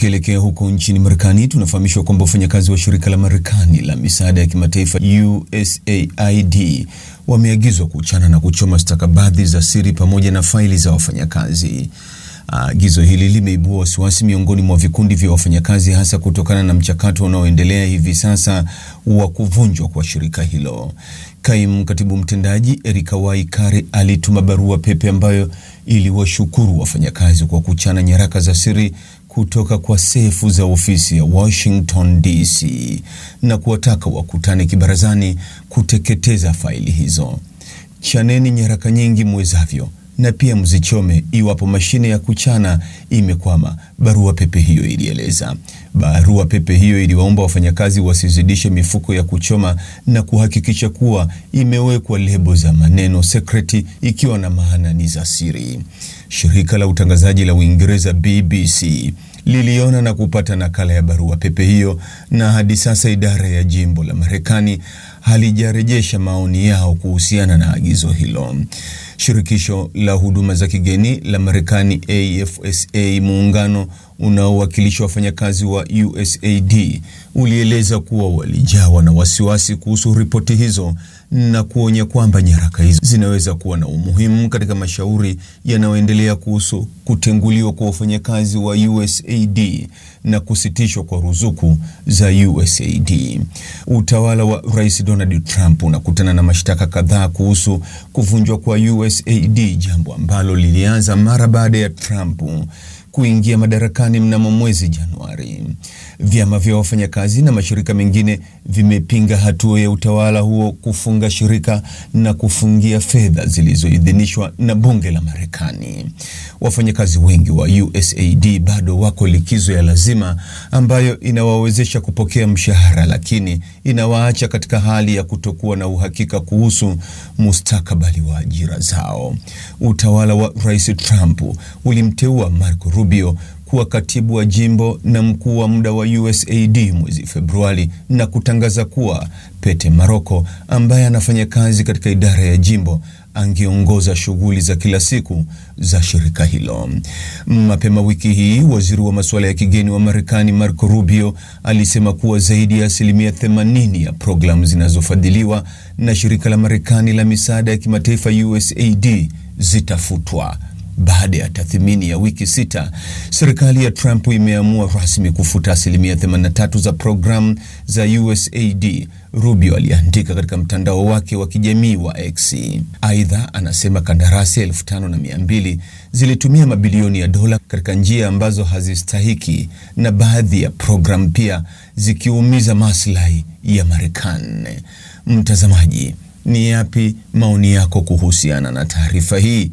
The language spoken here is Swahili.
Tukielekea huko nchini Marekani, tunafahamishwa kwamba wafanyakazi wa shirika la Marekani la misaada ya kimataifa USAID wameagizwa kuchana na kuchoma stakabadhi za siri pamoja na faili za wafanyakazi. Agizo hili limeibua wasiwasi miongoni mwa vikundi vya wafanyakazi hasa kutokana na mchakato unaoendelea hivi sasa wa kuvunjwa kwa shirika hilo. Kaimu katibu mtendaji Erika Waikare alituma barua pepe ambayo iliwashukuru wafanyakazi kwa kuchana nyaraka za siri kutoka kwa sefu za ofisi ya Washington DC na kuwataka wakutane kibarazani kuteketeza faili hizo. Chaneni nyaraka nyingi mwezavyo na pia mzichome iwapo mashine ya kuchana imekwama, barua pepe hiyo ilieleza. Barua pepe hiyo iliwaomba wafanyakazi wasizidishe mifuko ya kuchoma na kuhakikisha kuwa imewekwa lebo za maneno sekreti, ikiwa na maana ni za siri. Shirika la utangazaji la Uingereza BBC liliona na kupata nakala ya barua pepe hiyo, na hadi sasa idara ya jimbo la Marekani halijarejesha maoni yao kuhusiana na agizo hilo. Shirikisho la huduma za kigeni la Marekani AFSA, muungano unaowakilisha wafanyakazi wa USAID, ulieleza kuwa walijawa na wasiwasi kuhusu ripoti hizo na kuonya kwamba nyaraka hizo zinaweza kuwa na umuhimu katika mashauri yanayoendelea kuhusu kutenguliwa kwa wafanyakazi wa USAID na kusitishwa kwa ruzuku za USAID. Utawala wa Rais Donald Trump unakutana na mashtaka kadhaa kuhusu kuvunjwa kwa USAID, jambo ambalo lilianza mara baada ya Trump kuingia madarakani mnamo mwezi Januari. Vyama vya wafanyakazi na mashirika mengine vimepinga hatua ya utawala huo kufunga shirika na kufungia fedha zilizoidhinishwa na bunge la Marekani. Wafanyakazi wengi wa USAID bado wako likizo ya lazima ambayo inawawezesha kupokea mshahara, lakini inawaacha katika hali ya kutokuwa na uhakika kuhusu mustakabali wa ajira zao. Utawala wa Rais Trump ulimteua Marco Rubio kuwa katibu wa jimbo na mkuu wa muda wa USAID mwezi Februari na kutangaza kuwa Pete Maroko ambaye anafanya kazi katika idara ya jimbo angeongoza shughuli za kila siku za shirika hilo. Mapema wiki hii, waziri wa masuala ya kigeni wa Marekani Marco Rubio alisema kuwa zaidi ya asilimia 80 ya programu zinazofadhiliwa na shirika la Marekani la misaada ya kimataifa USAID zitafutwa. Baada ya tathmini ya wiki sita, serikali ya Trump imeamua rasmi kufuta asilimia 83 za programu za USAID, Rubio aliandika katika mtandao wake wa kijamii wa X. Aidha, anasema kandarasi 52 zilitumia mabilioni ya dola katika njia ambazo hazistahiki na baadhi ya programu pia zikiumiza maslahi ya Marekani. Mtazamaji, ni yapi maoni yako kuhusiana na taarifa hii?